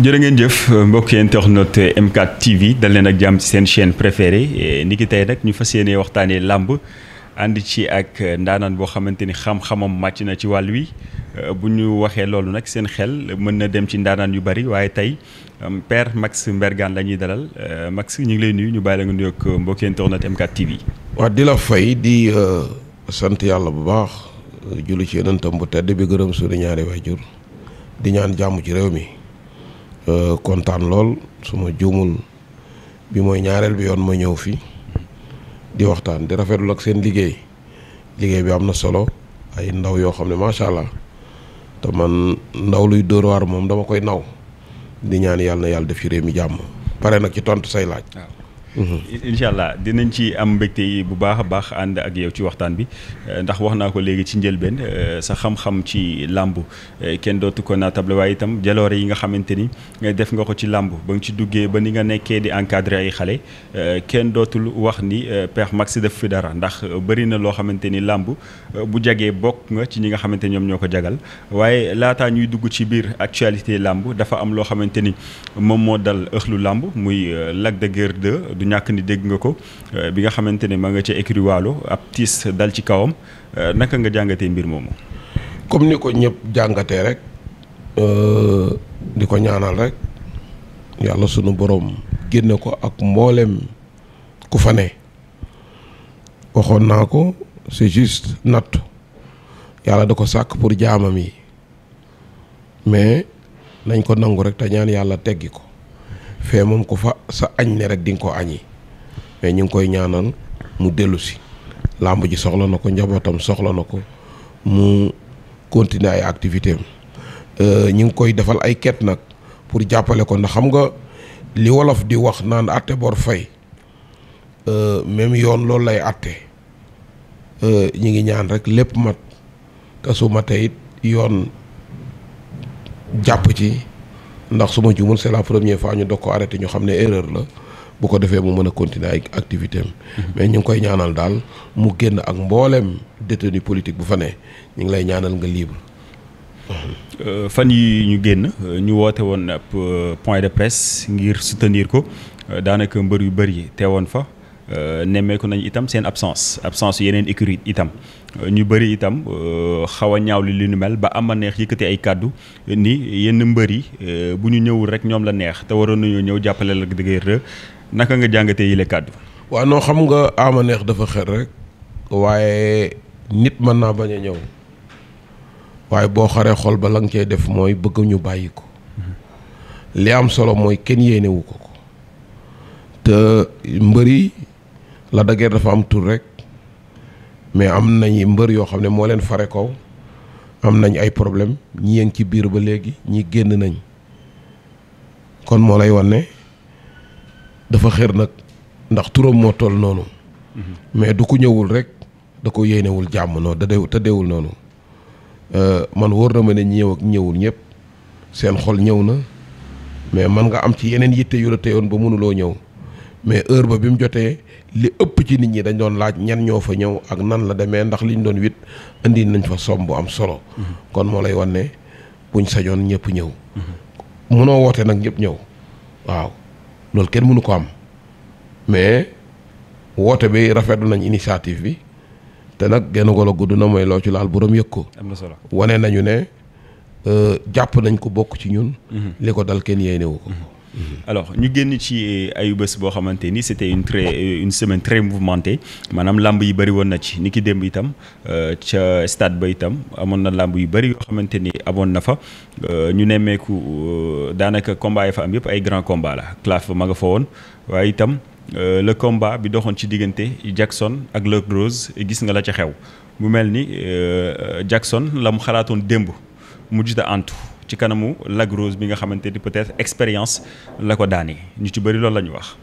jërë ngeen jëf mbokk internet M4 TV dal leen ak jàmm ci seen chaîne préférée ni ki tey nag ñu fas yéene waxtaanee làmb ànd ci ak ndaanaan boo xamante ni xam-xamam màcc na ci wàll wi euh, bu ñu waxee loolu nag seen xel mën na dem ci ndaanaan yu bari waaye tey euh, per Max Mbergane la ñuy dalal euh, Max ñu ngi lay nuyu ñu bàyyi la nga nuyu ak mbokk internet M4 TV. waa di la fay di sant yàlla bu baax julli ci yeneen tam bu tedd bi gërëm suñu ñaari waajur di ñaan jàmm ci réew mi. Euh, kontaan lool su ma juumul bi mooy ñaareel bi yoon ma ñëw fii di waxtaan di rafetlu ak seen liggéey liggéey bi am na solo ay ndaw yoo xam ne macha allah te man ndaw luy dóor waar moom dama koy naw di ñaan yàlla na yàlla def ci réew mi jàmm pare nag ci tontu say laaj. Mm-hmm. incha allah dinañ ci am mbégte yi bu baax a baax ànd ak yow ci waxtaan bi eh, ndax wax naa ko léegi ci njëlbeen eh, sa xam-xam ci làmb eh, kenn dootu ko naa table waaye itam jaloore yi nga xamante ni def nga ko ci làmb ba nga ci duggee ba ni nga nekkee di encadré ay xale kenn dootul wax ni Père Max def fi dara ndax bëri na loo xamante ni làmb bu jagee bokk nga ci ñi nga xamante ñoom ñoo ko jagal waaye laataa ñuy dugg ci biir actualité làmb dafa am loo xamante ni moom moo dal ëxlu làmb muy Lac de du ñàkk ni dégg nga ko euh, bi nga xamante ne ma nga ca écurie ab tiis dal ci kawam euh, naka nga jàngatee mbir moomu. comme ni ko ñëpp jàngatee rek euh, di ko ñaanal rek yàlla sunu boroom génne ko ak mbooleem ku fa ne waxoon naa ko c'est juste natt yàlla da ko sàkk pour jaamam yi mais nañ ko nangu rek te ñaan yàlla teggi ko. fee moom ko fa sa añ ne rek di nga ko añi mais ñu ngi koy ñaanal mu dellusi si làmb ji soxla na ko njabootam soxla na ko mu continuer ay activité am euh, ñu ngi koy defal ay ket nag pour jàppale ko ndax xam nga li wolof di wax naan atte bor fay euh, même yoon loolu lay atte euh, ñu ngi ñaan rek lépp mat te su ma it yoon jàpp ci ndax su ma juumul c'est la première fois ñu doog ko arrêté ñu xam ne erreur la bu ko defee mu mën a continuer ak activité am mm-hmm. mais ñu ngi koy ñaanal daal mu génn ak mbooleem détenu politique bu fa ne ñu ngi lay ñaanal nga libre euh, fan yi ñu génn ñu woote woon ab euh, point de presse ngir soutenir ko euh, daanaka mbër yu bëri woon fa nemmeeku nañu itam seen absence absence yeneen écurie itam ñu bëri itam euh, xaw a ñaaw li li nu mel ba am a neex yëkkati ay kàddu ni yenn mbër yi euh, bu ñu ñëwul rek ñoom la neex te waroon nañoo ñëw jàppale la dëgg naka nga jàngatee yile kàddu. waaw noo xam nga ama neex dafa xër rek waaye nit mën naa bañ a ñëw waaye boo xaree xol ba la nga cay def mooy bëgg ñu bàyyi ko li am solo mooy kenn yéenewu ko ko te mbëri la daggee dafa am tur rek mais am nañ mbër yoo xam ne moo leen fare kaw am nañ ay problème ñi yëng ci biir ba léegi ñii génn nañ kon moo lay wan ne dafa xër nag ndax turam moo toll noonu mm-hmm. mais du ko ñëwul rek da ko yéenewul jàmm noonu da dew tëddeewul noonu euh, man wóor na ma ne ñëw ak ñëwul ñëpp seen xol ñëw na mais man nga am ci yeneen yitte yu la téyoon ba mënuloo ñëw mais heure bi mu jotee li ëpp ci nit ñi dañ doon laaj ñen ñoo fa ñëw ak nan la demee ndax liñ doon wit indi nañ fa somm bu am solo. kon moo lay wan ne buñ sañoon ñëpp ñëw. mënoo woote nag ñëpp ñëw waaw loolu kenn mënu ko am mais woote bi rafetlu nañ initiative bi te nag genn golo gudd na mooy loo ci laal borom yëg ko. am na solo wane nañu ne euh, jàpp nañ ko bokk ci ñun. Mm-hmm. li ko dal kenn yéenewu ko. Mm-hmm. Mm-hmm. alors ñu génn ci euh, ayu bés boo xamante ni c'était une très euh, une semaine très mouvementée maanaam làmb yi bëri woon na ci ni ki démb itam euh, ca stade ba itam amoon na làmb yu bëri yoo xamante ni aboon na fa ñu nemmeeku daanaka combat yi fa am yëpp ay grand combat la claf ma nga fa woon waaye itam le combat bi doxoon ci diggante Jackson ak Luc Rose gis nga la ca xew mu mel ni Jackson la mu xalaatoon démb mujj ta antu ci kanamu lagrose bi nga xamante ni peut-être expérience la ko daani ñu ci bari loolu la ñu wax.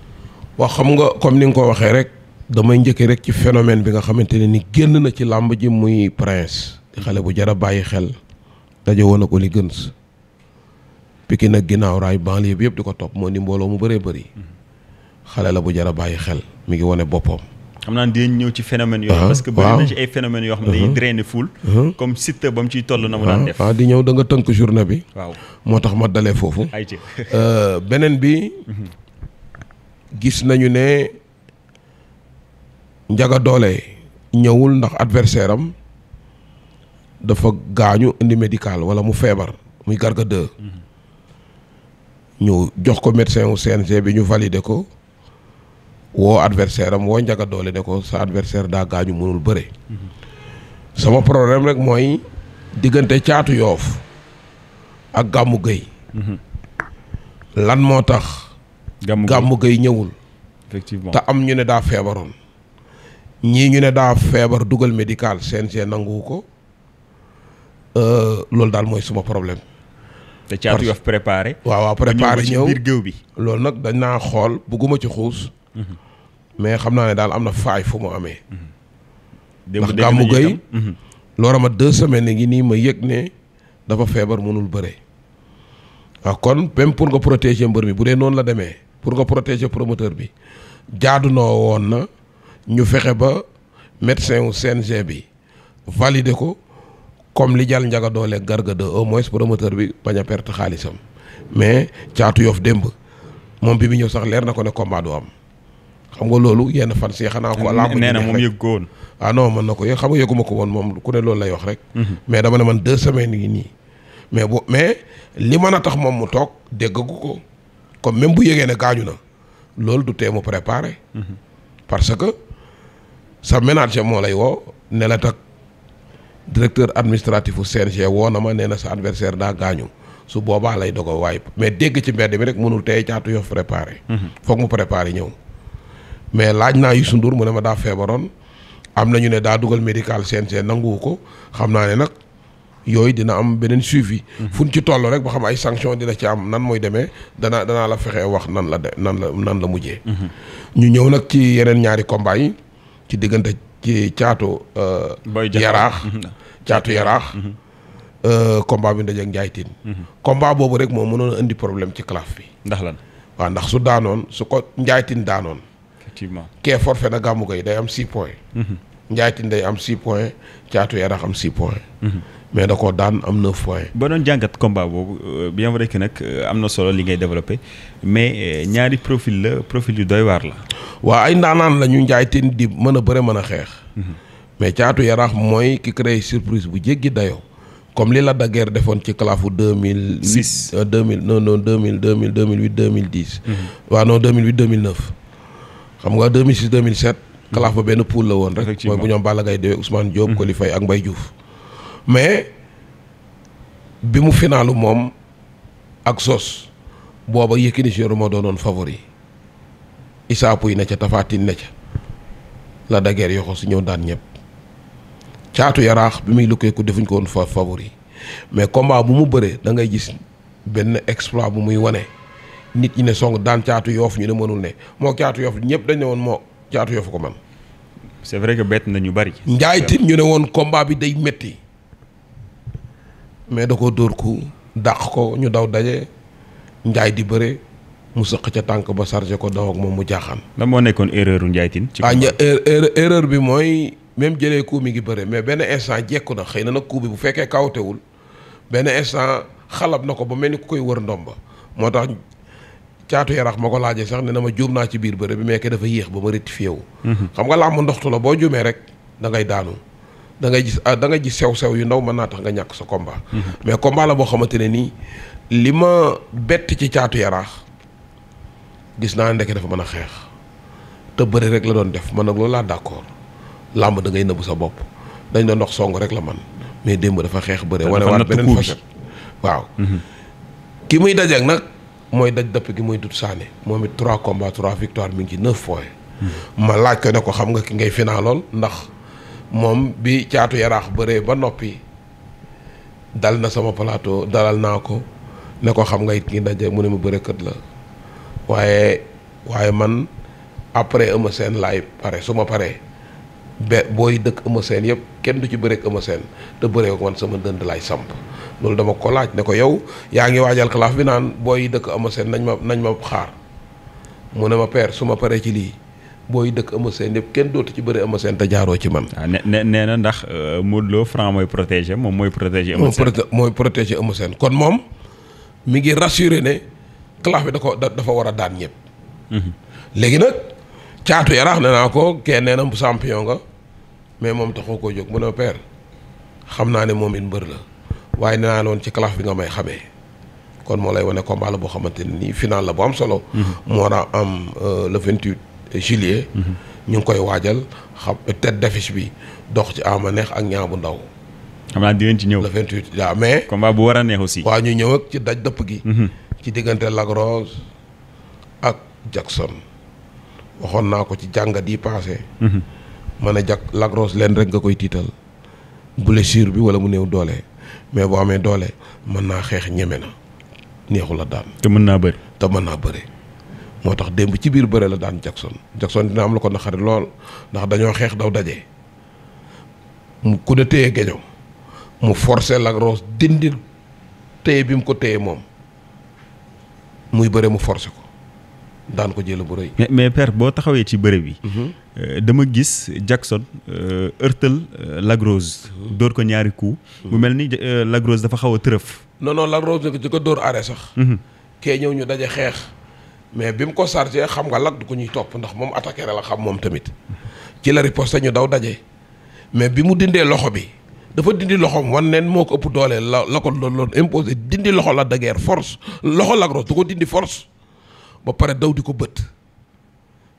waaw xam nga comme ni nga ko waxee rek damay njëkkee rek ci phénomène bi nga xamante ne ni génn na ci làmb ji muy prince xale bu jar a bàyyi xel daje woon ak Oli Guènes Pikine nag ginnaaw raay banlieue bi yëpp di ko topp moo ni mbooloo mu bëree bëri mm-hmm. xale la bu jar a bàyyi xel mi ngi wane boppam. xam ñëw ci phénomène yooyu uh-huh. parce que bëri na ci ay phénomènes yoo xam ne dañuy uh-huh. drainer foule uh-huh. comme Siteu ba mu ciy toll na mu daan di ñëw da tënk journée bi waaw moo tax ma dalee foofu ay euh, beneen bi mm-hmm. gis nañu ne njaga doole ñëwul ndax adversaire am dafa gaañu indi médical wala mu feebar muy garga deux mm-hmm. jox ko médecin wu CNG bi ñu valider ko woo adversaire am woo njaga doole ne ko sa adversaire daa gaañu mënul bëre sama problème rek mooy diggante caatu yoof ak gàmmu gëy lan moo tax gàmmu gëy ñëwul effectivement te am ñu ne daa feebaroon ñii ñu ne daa feebar dugal médical CNG nanguwu ko euh, loolu daal mooy suma problème te caatu yoof préparé waaw waaw préparé ñëw géew bi loolu nag dañ naa xool bugguma ci xuus mais xam naa ne daal am na faay fu mu amee. ndax gàmmu gay mhm. loola ma deux semaines ngi nii ma yëg ne dafa feebar mënul bëre. waaw ah, kon même pour nga protéger mbër mi bu dee noonu la demee pour nga protéger promoteur bi jaadu noo woon na ñu fexe ba médecin wu CNG bi valider ko comme li jàll njaga doole garga de au moins promoteur bi bañ a perte xaalisam mais caatu yof démb moom bi mu ñëw sax leer na ko ne combat am. xam nga loolu yenn fan si xanaa ko làmb nee na moom yëg ko woon ah non mën na ko yëg xam nga ko woon moom ku ne loolu lay wax rek mhm. mais dama ne man deux semaines yi nii mais bu mais li mën a tax moom mu toog déggagu ko comme même bu yëgee ne gaañu na loolu du tee mu préparé mhm. parce que sa ménager moo lay woo ne la tak directeur administratif u CNG woo na ma nee na sa adversaire daa gaañu su boobaa lay dogo waay mais dégg ci mbedd mi rek mënul tey caatu yof préparé mhm. foog mu préparé ñëw mais laaj naa Youssou Ndour mu ne ma daa feebaroon am na ñu ne daa dugal médical CNG nanguwu ko xam naa ne nag yooyu dina am beneen suivi. Mhm. fu ci toll rek ba xam ay sanction dina ci am nan mooy demee dana danaa la fexe wax nan la de nan la nan la mujjee. Mhm. ñu ñëw nag ci yeneen ñaari combat yi ci diggante ci caatu. Euh, yaraax mhm. caatu yaraax. Euh, combat bi ndaje ak Ndiaye boobu rek moo mënoon a indi problème ci calaf bi. ndax lan waaw ndax su daanoon su ko Ndiaye Tine daanoon. effectivement kee forfait na gàmmu koy day am 6 points. Mhm. Njaatin day am 6 points caatu Yaraax am 6 points. Mhm. mais da koo daan am 9 points. ba doon jàngat combat boobu euh, bien vrai que nag euh, am na solo li ngay développé mais euh, ñaari profil la profil yu doy waar la. waa ay ndaanaan la ñu Njaatin di mën a bëre mën a xeex. Mhm. mais caatu Yaraax mooy ki créé surprise bu jéggi dayoo. comme li la da guerre defoon ci calaafu deux mille. six deux mille non non deux mille deux mille deux xam nga 2006 2007. kalaaf ba benn poule la woon rek. effectivement mooy bu ñoom Balla Gaye déwé Ousmane Diop. Mm-hmm. Coly ak Mbaye Diouf. mais bi mu finaalu moom ak sos booba Yékini Junior moo doonoon favori Issa Pouye ne ca tafaatin Tine ne ca la dageer yoxo si ñëw daan ñëpp caatu yaraax bi muy lukkee ko defuñ ko woon favori mais combat bu mu bëree da ngay gis benn exploit bu muy wane. nit ñi ne song daan caatu yoof ñu ne mënul ne moo caatu yoof ñëpp dañ woon moo caatu yoof ko man c'est vrai que bett na ñu bari. njaay ñu ne woon combat bi day métti mais da ko dóor ku dàq ko ñu daw daje njaay di bëre mu sëq ca tànk ba chargé ko daw moom mu jaaxaan. lan moo nekkoon erreur u njaay tin. ci ah, er, er, erreur bi mooy même jëlee coup mi ngi bëre mais benn instant jekku na xëy na nag coup bu fekkee kawtewul benn instant xalab na ko ba mel ni ku koy wër ndomba moo caatu yaraax ma ko laajee sax ne na ma juum naa ci biir bëre bi mais que dafa yéex ba ma rectifié wu. xam nga làmb ndoxtu la boo juumee rek da ngay daanu da ngay gis ah, da ngay gis sew-sew yu ndaw mën naa tax nga ñàkk sa kombaa mais combat la boo xamante ne nii li ma bett ci caatu yaraax gis naa ndeke dafa man a xeex te bëri rek la doon def man nag loolu laa d'accord làmb da ngay nëbb sa bopp dañ doon dox song rek la man mais démb dafa xeex bëre wane waa beneen facette waaw mhm. ki muy dajeek mooy daj dëpp gi mooy dut saane moom it trois combats trois victoire mi ngi ci neuf ma laaj ko ne ko xam nga ki ngay finaalool ndax moom bi caatu yaraax bëree ba noppi dal na sama plateau dalal naa ko ne ko xam nga it ki daje mu ne ma bërëkkat la waaye waaye man après ama Sène laay pare su ma paree be booy dëkk Eumeu Sène yëpp kenn du ci bëreek Eumeu Sène te bëree ko man sama dënd laay samp loolu dama ko laaj ne ko yow yaa ngi waajal xalaaf bi naan booy dëkk Eumeu Sène nañ ma nañ ma xaar mu ne ma père su ma paree ci lii booy dëkk Eumeu Sène yëpp kenn dootu ci bëri Eumeu Sène te jaaroo ci man. Ah, ne nee na ndax euh, Modou Lo Franc mooy protégé moom mooy protéger. Eumeu Sène mooy protéger Eumeu kon moom mi ngi rassuré ne xalaaf bi da ko dafa war a daan ñëpp. Mhm. léegi nag caatu yaraax ne naa ko kenn nee na champion nga mais moom taxoo koo jóg mu ne ma père xam naa ne moom it mbër la. waaye nee naa loon ci calaf bi nga may xame kon moo lay wone combat la boo xamante ne nii final la bu am solo. Mm-hmm. moo naa am euh, le vingt juillet. Mm-hmm. ñu ngi koy waajal xam tête bi dox ci ama neex ak ñaa bu ndaw. xam naa ci ñëw le vingt mais. combat bu war a neex aussi. waa ñu ñëw ak ci daj dëpp gi. Mm-hmm. ci diggante Lac ak Jackson waxoon naa ko ci jàngat yi passé ma ne Jack Lac leen rek nga koy tiital blessure bi wala mu neew doole. mais boo amee doole mën naa xeex ñeme na neexu la daan. te mën naa bëri. te mën naa bëri moo tax démb ci biir bëre la daan Jackson Jackson dina am la ko naxari lool ndax dañoo xeex daw daje mu ku ne téye geño mu forcé Lac Rose dindil téye bi mu ko téye moom muy bëre mu forcé ko daan ko jël bu rëy. mais mais père boo taxawee ci bëre bi. Mm-hmm. Euh, dama gis Jackson ërtal euh, euh, Lagrose. dóor ko ñaari coup mu mel ni Lagrose dafa xaw a tërëf. non non Lagrose da ko dóor arrêt sax. Mhm. kee ñëw ñu daje xeex. mais bi mu ko chargé xam nga lag du ko ñuy topp ndax moom attaqué la xam moom tamit. ci la riposte ñu daw daje. mais bi mu dindee loxo bi. dafa dindi loxoom wan neen moo ko ëpp doole la la ko doon imposé dindi loxo la de guerre force loxo Lac du ko dindi force ba pare daw di ko bët.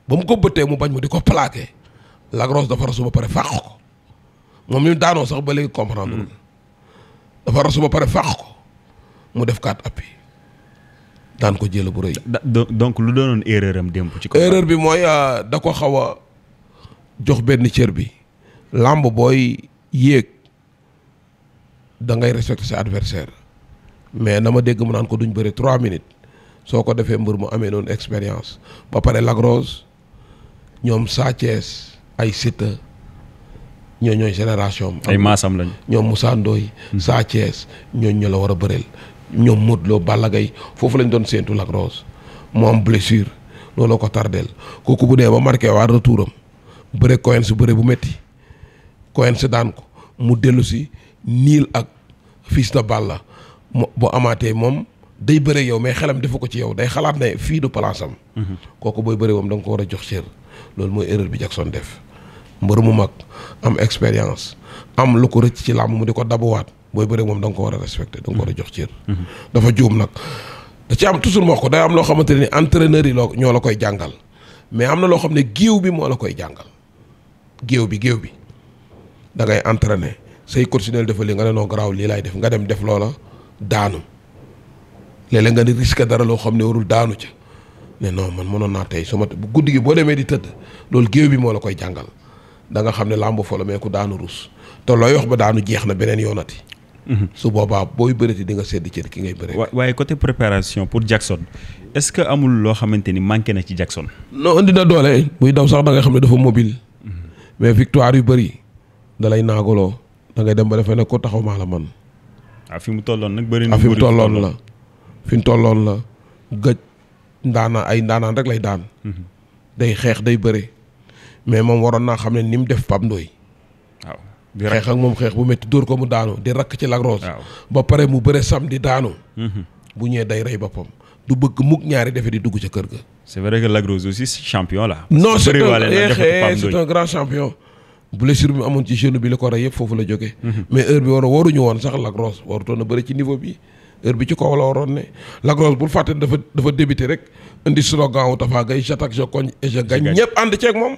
ba mu ko bëttee mu bañ mu di ko plaqué Lac Rose dafa rasu ba pare fàq ko moom ñu daanoo sax ba léegi comprendre hmm. dafa rasu ba pare fàq ko mu def quatre appuis daan ko jël bu rëy. donc lu doonoon erreur am démb ci ko erreur bi mooy euh, da ko xaw a jox benn cër bi. làmb booy yéeg da ngay respecter sa adversaire mais na ma dégg mu naan ko duñ bëri trois minutes soo ko defee mbër mu amee noonu expérience ba pare Lac ñoom Sa ay Siteu ñoo ñooy génération ay maasam lañ ñoom mu Ndoye hmm. Sa ñooñ ñu la war a bëreel ñoom Modou Lo Balla foofu lañ doon séentu Lac Rose mu am blessure looloo ko tardeel kooku bu dee ba marqué waa retouram bëre Coen si bëre bu metti Coen daan ko mu dellu si niil ak fils de Balla mu bu amaatee moom day bëre yow mais xelam defu ko ci yow day xalaat na fii du palaasam. Hmm. kooku booy bëre moom da nga ko war a jox cër loolu mooy erreur bi Jackson def mbër mu mag am expérience am lu ko rëcc ci làmb mu di ko dabuwaat booy bëri moom da ko war a respecté da nga ko war a jox cër dafa juum nag da ci am toujours ma ko day am loo xamante ni entraîneur yi loo ñoo la koy jàngal mais am na loo xam ne géew bi moo la koy jàngal géew bi géew bi da ngay entraîné say continuel dafa li nga ne noo garaaw lii lay def nga dem def loola daanu léeg nga ne risque dara loo xam ne warul daanu ca ne non man mënoon naa tey su ma guddi gi boo demee di tëdd loolu géew bi moo la koy jàngal da nga xam ne làmb fa la mais ku daanu rus te looy wax ba daanu jeex na beneen yoonati. Mhm. su boobaa booy bëreeti nga sedd ki ngay bëree. waaye côté préparation pour Jackson est-ce que amul loo xamante ni manqué na ci Jackson. non indi na doole buy daw sax da nga xam ne dafa mobile. Mhm. mais victoire yu bëri da lay naagaloo da ngay dem ba defee ne taxaw maa la man. ah fi mu tolloon nag bëri na. Ah, fi mu tolloon la fi mu tolloon la gëj. ndaanaan ay ndaanaan rek lay daan. day xeex day bëre. mais moom waroon naa xam ne ni mu def Pape ndooy waaw di xeex ak moom xeex bu métti dóor ko mu daanu di rakk ci Lac Rose. ba pare mu bëre sam di daanu. Mhm. bu ñëwee day rey boppam. du bëgg mukk ñaari defe di dugg ca kër ga. c'est vrai que Lac Rose aussi la. non c'est un eh, eh, c'est un grand champion. blessure bi amoon ci genou bi la ko rey yëpp foofu la jóge mhm. mais heure bi war waruñu woon sax Lac Rose warutoon na bëri ci niveau bi. heure bi ci kaw la waroon ne Lac Rose bul fàtte dafa dafa débuté rek indi slogan wu Tapha Gueye j'attaque je cogne et je gagne ñëpp ànd ceeg moom.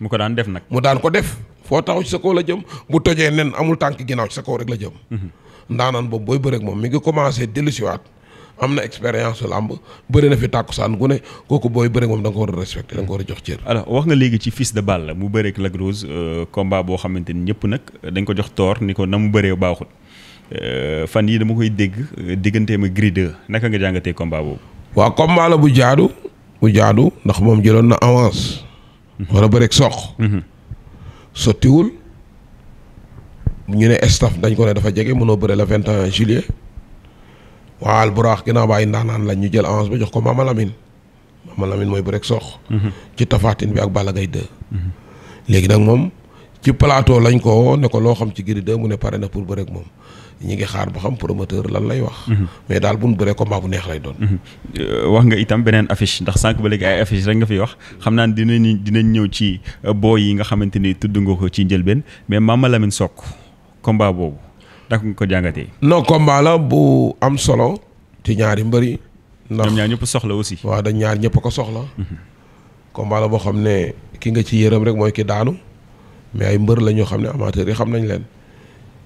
mu ko daan def nag. mu daan ko def foo taxaw sa kaw la jëm bu tojee nen amul tànk ginnaaw ci sa rek la jëm. Mhm. ndaanaan boobu booy bëreeg moom mi ngi commencé dellusiwaat am na expérience su làmb bëri na fi tàkkusaan gu ne kooku booy bëreeg moom da nga ko a respecté a jox cër. alors wax nga léegi ci fils de balle mu bëreeg Lac Rose euh, combat boo xamante ni ñëpp nag dañ ko jox tort ni ko na mu bëree baaxul. Euh, fan yii dama koy dégg digganteem ak Gris 2 naka nga jàngatee combat waaw combat la bu jaadu. bu jaadu ndax moom jëloon na avance. Mhm. war a bëreeg soq. Mhm. sottiwul ñu ne staff dañ ko ne dafa jege mënoo bëre la vingt et un juillet. waa Alburaax ginnaaw ndax ndaanaan lañ ñu jël avance ba jox ko Mama Lamine. Mama Lamine mooy bëreeg soq. Mhm. ci tafaatin bi ak Balla Gaye 2. léegi nag moom ci plateau lañ ko woo ko loo xam ci Gris 2 mu ne pare na pour bëreek moom. ñi ngi xaar ba xam promoteur lan lay wax. Mhm. mais daal bu nu bëree combat bu neex lay doon. Mhm. Euh, wax nga itam beneen affiche ndax sànq ba léegi ay affiche rek nga fi wax xam naa dinañ dinañ ñëw ci euh, boo yi nga xamante ni tudd nga ko ci njëlbeen mais maam Mama Lamine Sokk combat boobu ndax nga ko jàngatee. non combat la bu am solo ci ñaari mbëri. ndax ñoom ñaar ñëpp soxla aussi. waa dañ ñaar ñëpp ko soxla. Mhm. combat la boo xam ne ki nga ci yërëm rek mooy ki daanu mais ay mbër la ñoo xam ne amateurs yi xam nañ leen.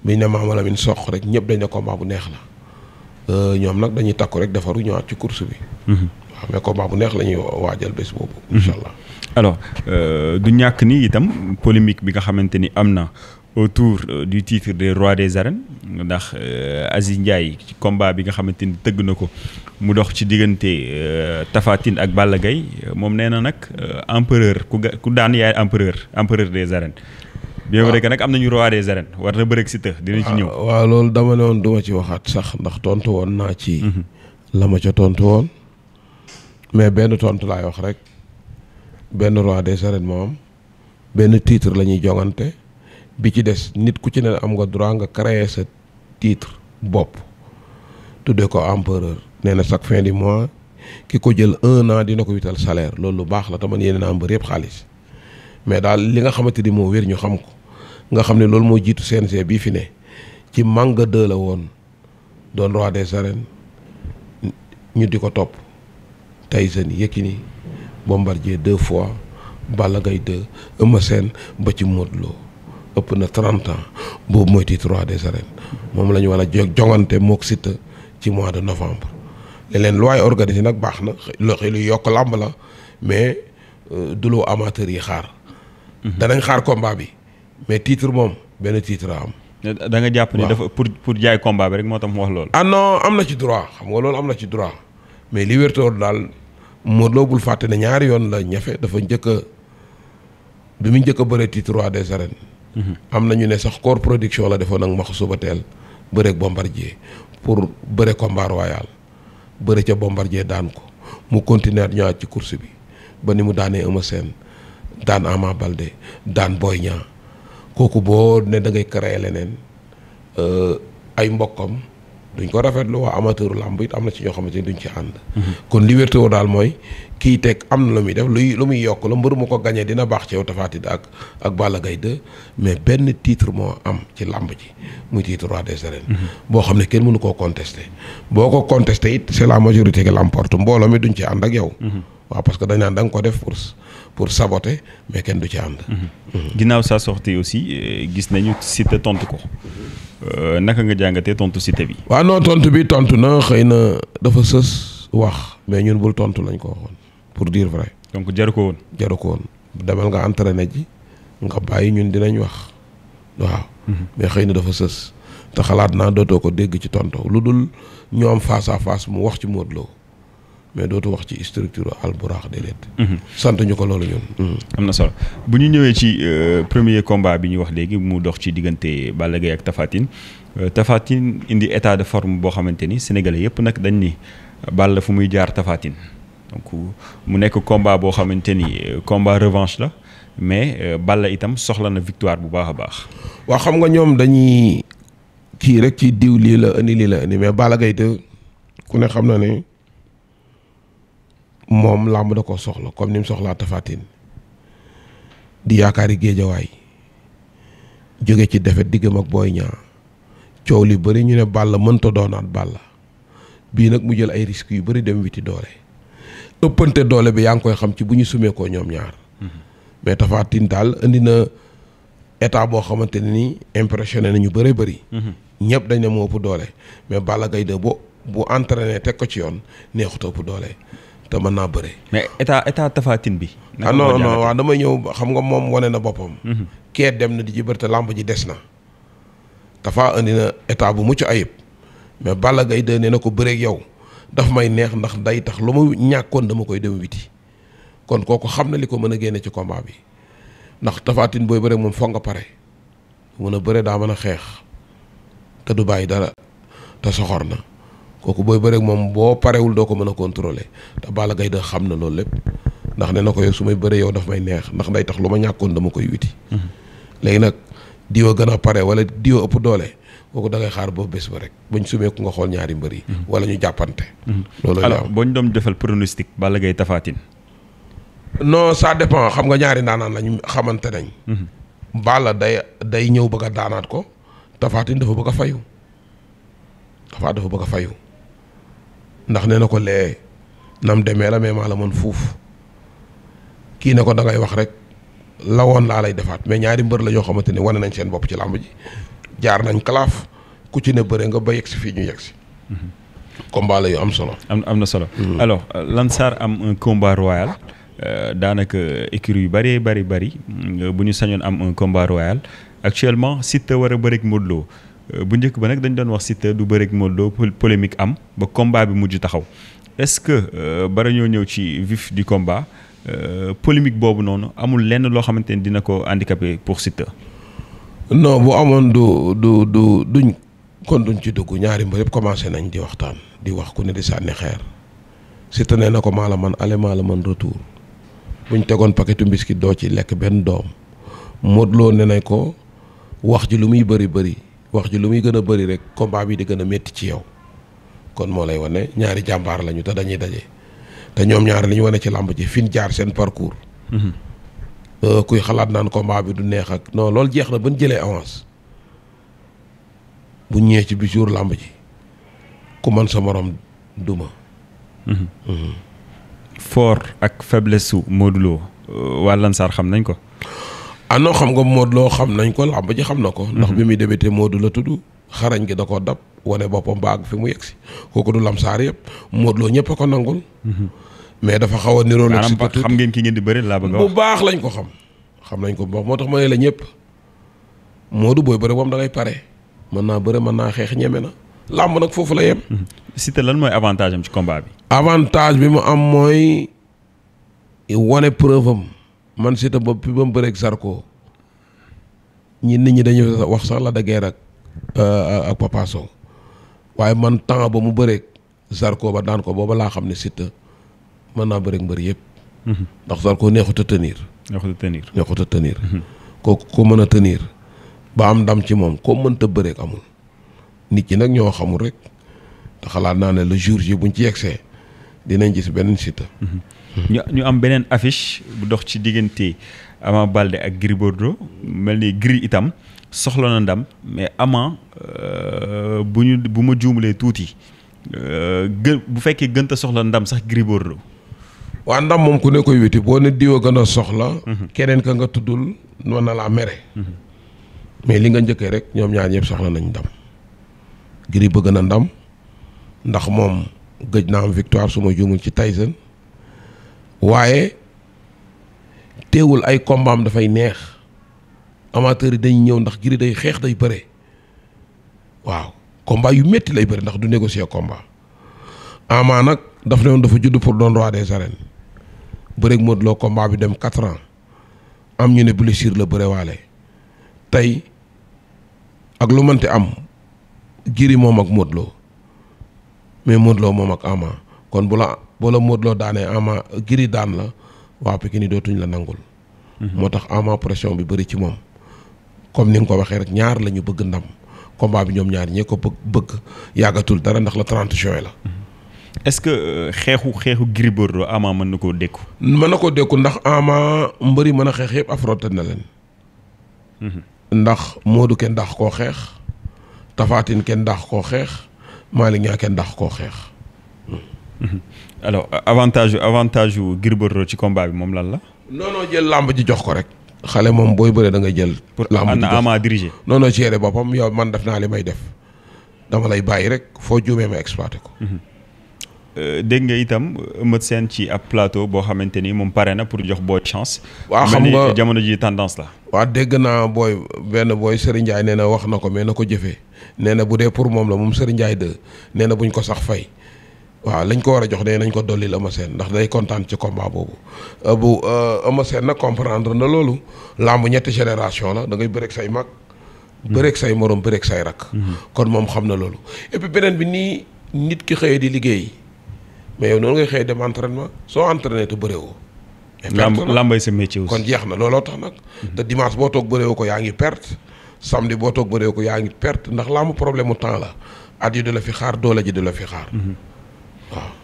biñ ne Maama Lamine soq rek ñëpp dañ ne combat bu neex la euh, ñoom nag dañuy takku rek defaru ñëwaat ci course bi. Mhm. bu neex la ñuy waajal bés boobu. Mhm. incha allah alors euh, du ñàkk ni itam polémique bi nga xamante ni am na. autour euh, du titre des rois des arènes ndax Aziz Ndiaye ci combat bi nga xamante ni tëgg na ko mu dox ci diggante Tapha Tine ak Balla Gaye moom nee na nag empereur ku daan yaay empereur empereur des arènes bien vrai que nag am nañu roi des arènes war na bëreeg Siteu dina ci ñëw. Ah, loolu dama ne woon du ma ci waxaat sax ndax tontu woon naa ci. Mhm. la ma ca tontu woon. mais benn tontu laay wax rek benn roi des arènes moom benn titre la ñuy jongante bi ci des nit ku ci ne am nga droit nga créer sa tiitre bopp. tuddee ko empereur nee na chaque fin du mois ki ko jël un an dina ko wital salaire loolu lu baax la te man yéene naa yëpp xaalis mais daal li nga xamante ni moo wér ñu xam ko. nga xam ne loolu moo jiitu CNG bii fi ne ci Manga 2 la woon doon roi des arènes ñu di ko topp Tyson Yékini Bombardier deux fois Balla Gaye 2 Eumeu Sène ba ci Modou ëpp na 30 ans boobu mooy titre roi des arènes moom la ñu war a jo joŋante mook Siteu ci mois de novembre leneen lu waay organisé nag baax na loo xëy yokk làmb la mais euh, du loo amateur yi xaar. Mhm. danañ xaar combat bi. mais titre moom benn titre am. da nga jàpp ni dafa pour pour jaay combat bi rek moo tax mu wax loolu. ah am na ci droit xam nga loolu am na ci droit mais li wértoor daal Modou Lo fàtte ne ñaari yoon la ñafe dafa njëkk a bi mu njëkk a bëree titre roi des arènes. Mhm. am na ñu ne sax corps production la defoon ak max suba teel bëreeg bombardier pour bëre combat royal bëre ca bombardier daan ko mu continuer ñëwaat ci course bi ba ni mu daanee Eumeu Sène daan Ama Baldé daan Boy Niang. kooku boo ne da ngay créer leneen euh, ay mbokkam duñ ko rafetlu waa amateur làmb it am na ci ñoo xamante ni duñ ci ànd. Mhm. kon li wértéo daal mooy kii teg am na lu muy def luy lu muy yokk la mbër mu ko gañee dina baax ci yow Tapha Tine ak ak Balla Gaye mais benn titre moo am ci làmp ci muy titre roi des arènes. Mhm. boo xam ne kenn mënu koo contesté boo ko contesté it c'est la majorité qui l'emporte mbooloo mi duñ ci ànd ak yow. Mhm. waaw parce dañ naan ko def pour pour saboter mais kenn du ci ànd. Mhm. ginnaaw sa sortie aussi eh, gis nañu Siteu tontu ko euh, naka nga jàngatee tontu Siteu bi. waaw non tontu bi tontu na xëy na dafa sës wax mais ñun bul tontu lañ ko waxoon pour dire vrai. donc jaru ko woon. jaru ko woon demal nga entraîné ji nga bàyyi ñun dinañ wax waaw. Mhm. mais xëy na dafa sës te xalaat naa dootoo ko dégg ci tontu lu dul ñoom face à face mu wax ci Modou Lo mais dootu wax ci structure alburaax déedéet. Mhm. sant ñu ko loolu ñun. Mhm. am na solo bu ñu ñëwee ci euh, premier combat bi ñu wax léegi mu dox ci diggante Balla Gaye ak tafaatin euh, Tine indi état de forme boo xamante ni sénégalais yëpp nag dañ ni Balla fu muy jaar Tapha donc mu nekk combat boo xamante ni euh, combat revanche la mais Balla itam soxla na victoire bu baax a baax. waa xam nga ñoom dañuy kii rek ci diw lii la indi lii la indi mais Balla Gaye te ku ne xam moom làmb da ko soxla comme ni mu soxlaa tafaatin di yaakaari géejawaay jóge ci defet diggam ak booy ñaa coow li bëri ñu ne Balla mënta doonaat Balla bii nag mu jël ay risques yu bëri dem witi doole ëppante doole bi yaa ngi koy xam ci bu ñu sumee ko ñoom ñaar mais tafaatin daal indi na état boo xamante ne ni impressionné nañu bëree bëri ñëpp dañ ne moo ëpp doole mais Balla Gaye de bo bu entraîné teg ko ci yoon neexut ëpp doole te mën naa bëre. mais état état tafatin bi. ah non non damay ñëw xam nga moom wane na boppam. Mhm. kee dem na di ji ci te làmb ji des na. dafa indi na état bu mucc ayib mais Balla Gaye de nee na ko bëreeg yow daf may neex ndax day tax lu mu ñàkkoon dama koy dem witi kon kooku xam na li ko mën a génne ci combat bi ndax tafatin booy bëreeg moom foog nga pare mën a bëre daa mën a xeex te du bàyyi dara te soxor na. kooku booy bëreeg moom boo parewul doo ko mën a contrôler te Balla Gaye da xam na loolu lépp ndax ne na ko yow su may bëree yow dafa may neex ndax day tax lu ma ñàkkoon dama koy witi mm-hmm. léegi nag diwa gën a pare wala diwa ëpp doole kooku da ngay xaar ba bés ba rek bañ ku nga xool ñaari mbër yi mm-hmm. wala ñu jàppante mm-hmm. loolu alors boo ñu doom defal pronostic Balla gay Tapha non ça dépend xam nga ñaari ndaanaan lañu xamante nañ Balla day day ñëw bëgg a daanaat ko Tapha Tine dafa bëgg a fayu Tapha dafa bëgg a ndax nee na ko le nam demee la mais maa la mën fuuf kii ne ko da wax rek lawoon laa lay defaat mais ñaari mbër la yoo xamante ni wane nañ seen bopp ci làmb ji jaar nañ kalaaf ku ci ne bëre nga ba yegg si fii ñu yegg si. Mhm. combat la yu am solo. am am na solo. Mhm. alors Lansar am un combat royal. Euh, daanaka écurie yu bëree bari bëri euh, bu ñu sañoon am un combat actuellement Siteu war a bëreeg Modou Euh, bu njëkk ba nag dañ doon wax Siteu du bëreeg Modou Lô polémique am ba combat bi mujj taxaw est-ce que euh, bara ñoo ñëw ci vif du combat euh, polémique boobu noonu amul lenn loo xamante ni dina ko handicapé pour sita non bu amoon du du du duñ kon duñ ci dugg ñaari mbër yëpp commencé nañ di waxtaan di wax ku ne di sànni xeer Siteu nee na ko maa la man ale maa la man retour buñ tegoon paquetu mbiskit doo ci lekk benn doom Modou Lô ne nañ ko wax ji lu muy bëri bëri. wax ji lu muy gën a bëri rek combat bi di gën a métti ci yow kon moo lay wane ñaari jàmbaar lañu te dañuy daje te ñoom ñaar li ñu wane ci làmb ji fi jaar seen parcours. Mhm. Euh, kuy xalaat naan komba bi du neex ak non loolu jeex na ba ñu avance bu ñëwee ci bi jour làmb ji ku man sa morom duma. Mhm. Mhm. fort ak faiblesse su Modou Lo euh, waa Lansar xam nañ ko. ah non xam nga Modou loo xam nañ ko làmb ji xam na ko. ndax mhm. bi muy débuté Modou la tudd xarañ gi da koo dab wane boppam baag fi mu yegg si kooku du lamsaar yëpp Modou Lo ñëpp ko nangul. Mhm. mais dafa xaw a niroo. xam ngeen ki ngeen di bëri laa bëgg baax lañ ko xam. xam nañ ko bu moo tax ma ne la ñëpp Modou booy bëri moom da pare mën naa bëri mën naa xeex ñeme na. làmb nag foofu la yem. Mhm. Siteu lan mooy avantage am ci combat bi. avantage bi mu am mooy wane preuve am. man Siteu boobu bi ba mu bëreeg Zarko ñi nit ñi dañuy wax sax la daggee ak euh, ak waaye man temps ba mu bëreeg Zarko ba daan ko booba laa xam ne Siteu mën naa bëreeg mbër yëpp. Mhm. ndax Zarko neexut a tenir. neexut a tenir neexut a tenir. Mhm. kooku ko mën a tenir ba am ndam ci moom koo mënta bëreeg amul nit ñi nag ñoo xamul rek te xalaat naa ne le jour ji buñ ci yegsee dinañ si benn Siteu. Mhm. ñu am beneen affiche bu dox ci diggante Ama Baldé ak Gris Bordeaux mel ni Gris itam soxla na ndam mais Ama euh, bu ñu bu ma juumalee tuuti euh, gë bu fekkee gënta soxla ndam sax Gris Bordeaux. waa ndam moom ku ne koy witi boo ne diwa gën a soxla. Mhm. keneen ka nga tuddul noon na laa mere. Mhm. mais li nga njëkkee rek ñoom ñaar ñëpp soxla nañ ndam. Gris bëgg a ndam ndax moom gëj naa am victoire su ma ci Tyson. waaye teewul ay kombaam dafay neex amateur yi dañ ñëw ndax Gris day xeex day bëre waaw combat yu métti lay bëri ndax du négocier combat Ama nag daf ne woon dafa juddu pour doon roi des arènes bëreeg Modou Lo bi dem quatre ans am ñu ne blessure la bëre waale tey ak lu mënti am Gris moom ak Modou Lo mais Modou moom ak Ama kon bu la boo la Modou Lo daanee Ama Gris daan la waa ni dootuñ la nangul. Mhm. moo tax Ama pression bi bëri ci moom. comme ni nga ko waxee rek ñaar la ñu bëgg ndam combat bi ñoom ñaar ñee ko bëgg bëgg yàggatul dara ndax la 30 juin la. Mhm. est-ce que euh, xeexu xeexu Gris Bordeaux Ama mën na koo dékku. mën na koo dékku ndax Ama mbëri mën a xeex yëpp affronté na leen. Mhm. ndax Modou kenn daax koo xeex. tafaatin kenn daax koo xeex. Malick Niang kenn daax koo xeex. alors avantage avantage yu Gris Bordeaux ci combat bi moom lan la. non jël làmb ji jox ko rek. xale moom booy bëre da ngay jël. pour ana ama diriger. non non gérer boppam yow man def naa li may def dama lay bàyyi rek foo juumee ma exploité ko. Mhm. Euh, dégg nga itam Eumeu Sène ci ab plateau boo xamante ni moom pare na pour jox booy chance. waaw xam nga jamono ji tendance la. waa dégg naa booy benn booy Serigne Ndiaye nee na wax na ko mais na ko jëfee nee na bu dee pour moom la moom Serigne Ndiaye de nee na buñ ko sax fay. waaw lañ ko war a jox de nañ ko dollil Eumeu Sène ndax day kontaan ci combat boobu euh, bu euh, Eumeu Sène nag comprendre na loolu làmb ñetti génération la dangay ngay say mag. bëreeg say morom bëreek say rak. Mhm. kon moom xam na loolu. et beneen bi nii nit ki xëyee di liggéey mais yow noonu ngay xëyee dem entraînement soo entraîné te bëreewoo. làmbay sa métier kon jeex na looloo tax nag. Mhm. te dimanche boo toog bëreewoo ko yaa ngi perte samedi boo toog bëreewoo ko yaa ngi perte ndax làmb problème mu temps la at la fi xaar doole la fi xaar. Mhm.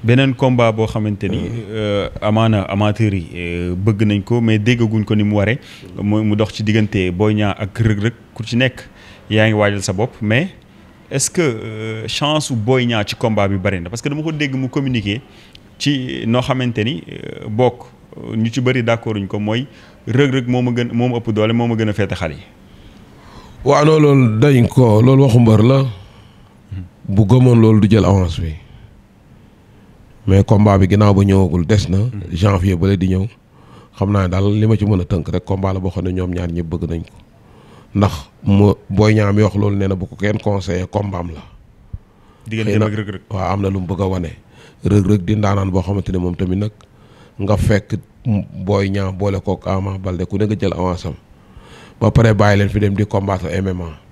beneen combat boo xamante ni euh, amaana amateur yi euh, bëgg nañ ko mais déggaguñ ko ni mu waree. mu dox ci diggante Boy ñaa ak Reug Reug ku ci nekk yaa ngi waajal sa bopp mais est-ce que euh, chance su Boy Niang ci combat bi bari na parce que dama ko dégg mu communiquer ci noo xamante ni bokk ñu ci bëri d'accord uñ ko mooy Reug Reug moo ma gën moo ëpp doole moom ma gën a féete xale yi. waaw loolu dañ ko loolu waxu mbër la. Hmm. bu gëmoon loolu du jël avance bi. mais combat bi ginnaaw ba ñëwagul des na. janvier ba la di ñëw. xam naa daal li ma ci mën a tënk rek combat boo xam ne ñoom ñaar ñëpp bëgg nañ ko ndax mu booy mi wax loolu nee na bu ko kenn conseillé combat am la. diggante ak rëg rëg waaw am na lu mu bëgg a wane. rëg rëg di ndaanaan boo xamante ne moom tamit nag nga fekk booy ñaam boole kook Ama Baldé ku ne nga jël avance am pare bàyyi leen fi dem di combattre MMA.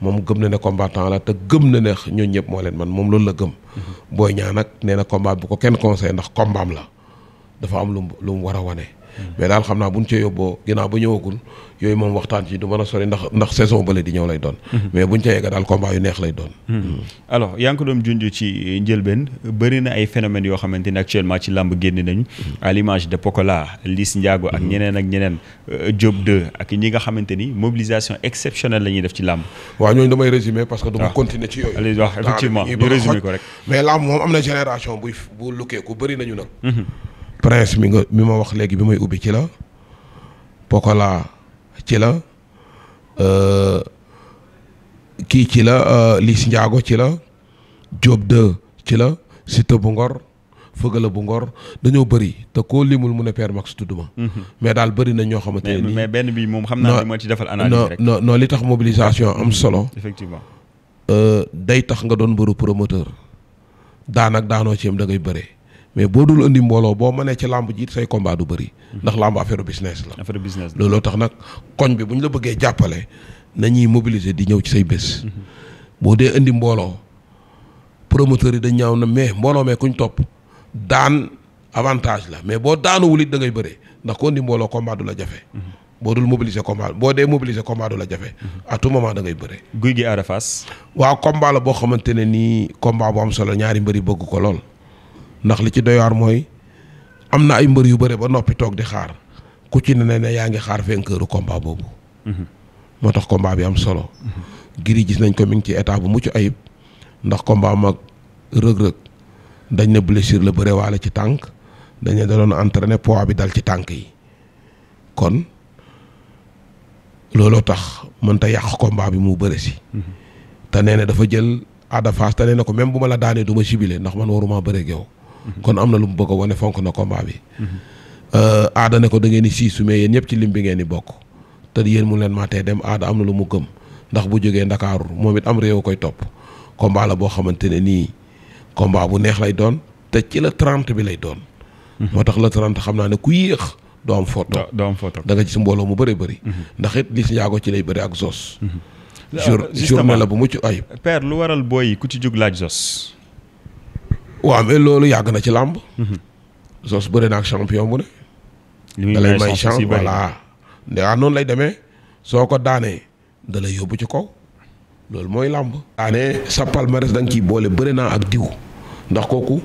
moom gëm na ne combattant la te gëm na ne ñooñu ñëpp moo leen man moom loolu la gëm. Boy Niang nag nee na combat bu ko kenn conseillé ndax combat la dafa am lu mu lu mu war a wane. mais daal xam naa bu ñu cee yóbboo ginnaaw ba ñëwagul yooyu moom waxtaan ci du mën a sori ndax ndax saison bële di ñëw lay doon. Mhm. mais bu ñu ca yeggee daal combat neex lay doon. Mhm. Mhm. alors yaa ngi ko ci njëlbeen bëri na ay phénomènes yoo xamante ni actuellement ci làmb génn nañu. à l'image de Pokola Liss Ndiago ak ñeneen ak ñeneen euh, Diop 2 ak ñi nga xamante ni mobilisation exceptionnelle la ñuy def ci làmb. waaw ñooñu damay résumer parce que. dama ah. continuer ci yooyu. allez wax effectivement ñu résumer ko rek. mais làmb moom na génération prince mi nga mi ma wax léegi bi may ubbi ci la Pokola ci la euh, kii ci la euh, Liss njaago ci la Diop 2 ci la Siteu bu Ngor fëgala bu Ngor dañoo bëri te koo limul mu ne Père tudd ma. Mhm. mais daal bëri na ñoo xamante ne mais benn bi moom xam naa ne moo ci defal analyse rek. non non li tax mobilisation am solo. effectivement. Euh, day tax nga doon bëru promoteur daanak daanoo ci am da ngay mais boo dul indi mbooloo boo mënee ci làmb ji say combat du bëri. ndax làmb affaire business la. affaire business la looloo tax nag koñ bi bu ñu la bëggee jàppale nañuy mobiliser di ñëw ci say bés. boo dee indi mbooloo promoteurs yi dañ ñaw na mais mbooloo mais kuñ topp daan avantage la mais boo daanuwul it da ngay bëree ndax ko indi mbooloo combat du la jafe. boo dul mobiliser combat boo dee mobiliser combat du la jafe. à tout moment da ngay bëre. guy gi Ada Fass. waaw combat la boo xamante ne nii combat bu am solo ñaari mbëri bëgg ko lool. ndax li ci doy mooy am na ay mbër yu bëre ba noppi toog di xaar ku ci ne ne yaa ngi xaar vainqueuru combat boobu. Mm-hmm. moo tax kombaa bi am solo. Mm-hmm. Gris gis nañ ko mi ngi ci état bu mucc ayib ndax combat mag rëg-rëg dañ ne blessure la bëre waale ci tànk dañ ne da doon entraîné bi dal ci tànk yi kon looloo tax mënta yàq combat bi mu bëre si. Mm-hmm. te nee dafa jël Ada Fass te nee ko même bu ma la daanee du ma ndax man waruma bëre ak yow. kon am na lu mu bëgg a wane fonk na combat bi. Euh, aada ne ko da ngeen di su mais yéen ñëpp ci lim bi ngeen ni bokk. te yéen mu leen maa dem aada am na lu mu gëm ndax bu jógee ndakaaru moom it am réew koy topp. komba la boo xamante ne nii komba bu neex lay doon te ci la 30 bi lay doon. Mhm. moo tax la trent xam naa ne ku yéex. doo am photo doo am photo da nga gis mbooloo mu bëree bëri. Mhm. ndax it Liss Ndiago ci lay bari ak Zos. Mhm. jour euh, journée la bu mucc ayib. père lu waral booy ku ci jug laaj waaw mais loolu yàgg na ci làmb. Zos mhm. bëri na ak champion bu ne. da lay may chance voilà. waaw noonu lay demee soo ko daanee da yóbbu ci kaw loolu mooy làmb. daanee sa palmarès da nga boole bëri na ak diw ndax kooku.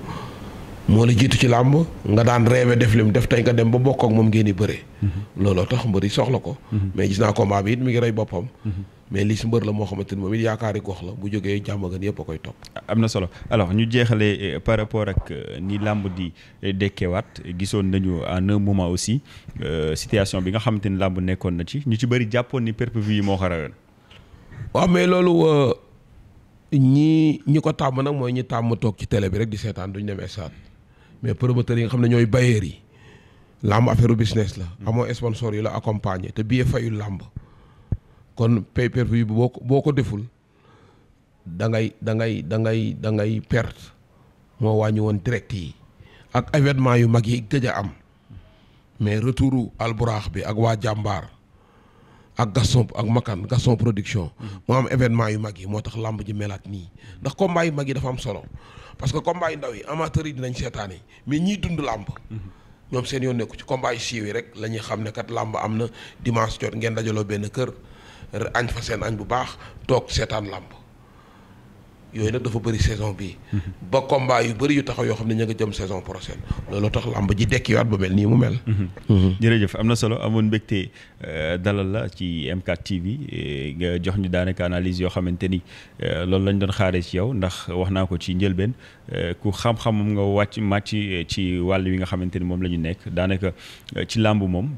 moo la jiitu ci làmb nga daan reewe def lim def tey nga dem ba bokk ak moom ngeen di bëre. Mhm. looloo tax mbër yi soxla ko. Mhm. mais gis naa combat bi it mi ngi rey boppam. Mhm. mais li si mbër la moo xamante ni moom it yaakaari gox la bu jógee jàmm gan koy topp. am na solo alors ñu jeexalee euh, par rapport ak euh, ni làmb di euh, dekkewaat gisoon nañu en moment aussi situation bi nga xamante ni làmb nekkoon na ci ñu ci bëri jàppoon ni pay yi moo ko rawoon. waaw mais loolu ñii ñi ko tàmm nag mooy ñi tàmm toog ci tele bi rek di seetaan duñ dem stade. mais promoteurs yi nga xam ne ñooy bailleurs yi làmb affaire business la. amoo sponsor yu la accompagner te billet fayul làmb kon pay per view boo ko boo ko deful da ngay dangay ngay da ngay da ngay perte moo wàññi woon direct yi ak événement yu mag yi gëj a am mais retouru alburaax bi ak waa jàmbaar. ak Gaston ak Makan Gaston production. Mm-hmm. moo am événement yu mag yi moo tax làmb ji melaat nii ndax combat yu mag yi dafa am solo parce que combat yu ndaw yi amateurs yi dinañ seetaane mais ñiy dund làmb. Mm-hmm. ñoom seen yoon nekku ci combat yu siiw yi rek la ñuy xam ne kat làmb am na dimanche jot ngeen dajaloo benn kër añ fa seen añ bu baax toog seetaan làmb. yooyu nag dafa bëri saison bii. ba combat yu bari yu taxaw yoo xam ne ña nga jëm saison prochaine loolu tax làmb ji dekkiwaat ba mel nii mu mel. Mhm. Mhm. jërëjëf am na solo amoon mbégte euh, dalal la ci M4 TV nga jox ñu daanaka analyse yoo xamante ni euh, loolu lañ doon xaaree ci yow ndax wax naa ko ci njëlbeen euh, ku xam-xamam nga wàcc màcc ci wàll wi nga xamante ni moom la ñu nekk daanaka ci làmb moom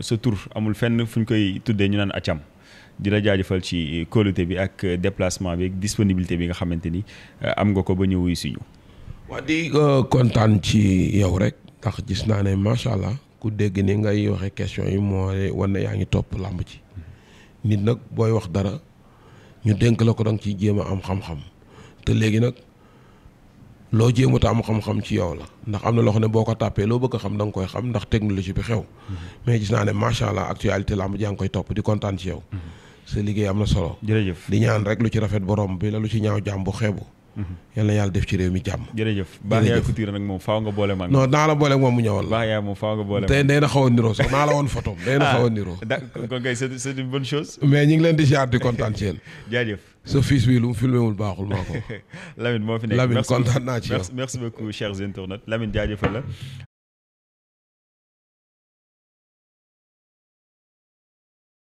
sa tur amul fenn fu ñu koy tuddee ñu naan acam di la jaajëfal ci kóolute bi ak déplacement bi ak disponibilité bi nga xamante ni euh, am nga ko ba ñu wuyu si ñu. waa di euh, kontaan ci yow rek ndax gis naa ne macha allah ku dégg ni ngay waxee question yi moo wane yaa ngi topp làmb ci nit nag booy wax dara ñu dénk la ko dang ciy jéem a am xam-xam te léegi nag. loo jéem a am xam-xam ci yow la ndax am na loo ne boo ko tàppee loo bëgg a xam da nga koy xam ndax technologie bi xew. Mm-hmm. mais gis naa ne macha allah actualité lamb jaa ngi koy topp di kontaan ci yow. Mm-hmm. sa liggéey am na solo. jërëjëf di ñaan rek lu ci rafet borom bi la lu ci ñaaw jàmm bu xeebu. Mm-hmm. yal na yàlla def ci réew mi jàmm. jërëjëf naa la boole moom mu ñëwal. baax yaa day na xaw a niroo sax naa la woon photo day na ah, xaw niroo. mais ñu ngi leen di ziar di kontaan ci sa fils bi lu mu filmé wul baaxul maa ko. Lamine moo fi nekk Lamine kontaan naa ci yow merci beaucoup chers internautes Lamine jaajëfal la.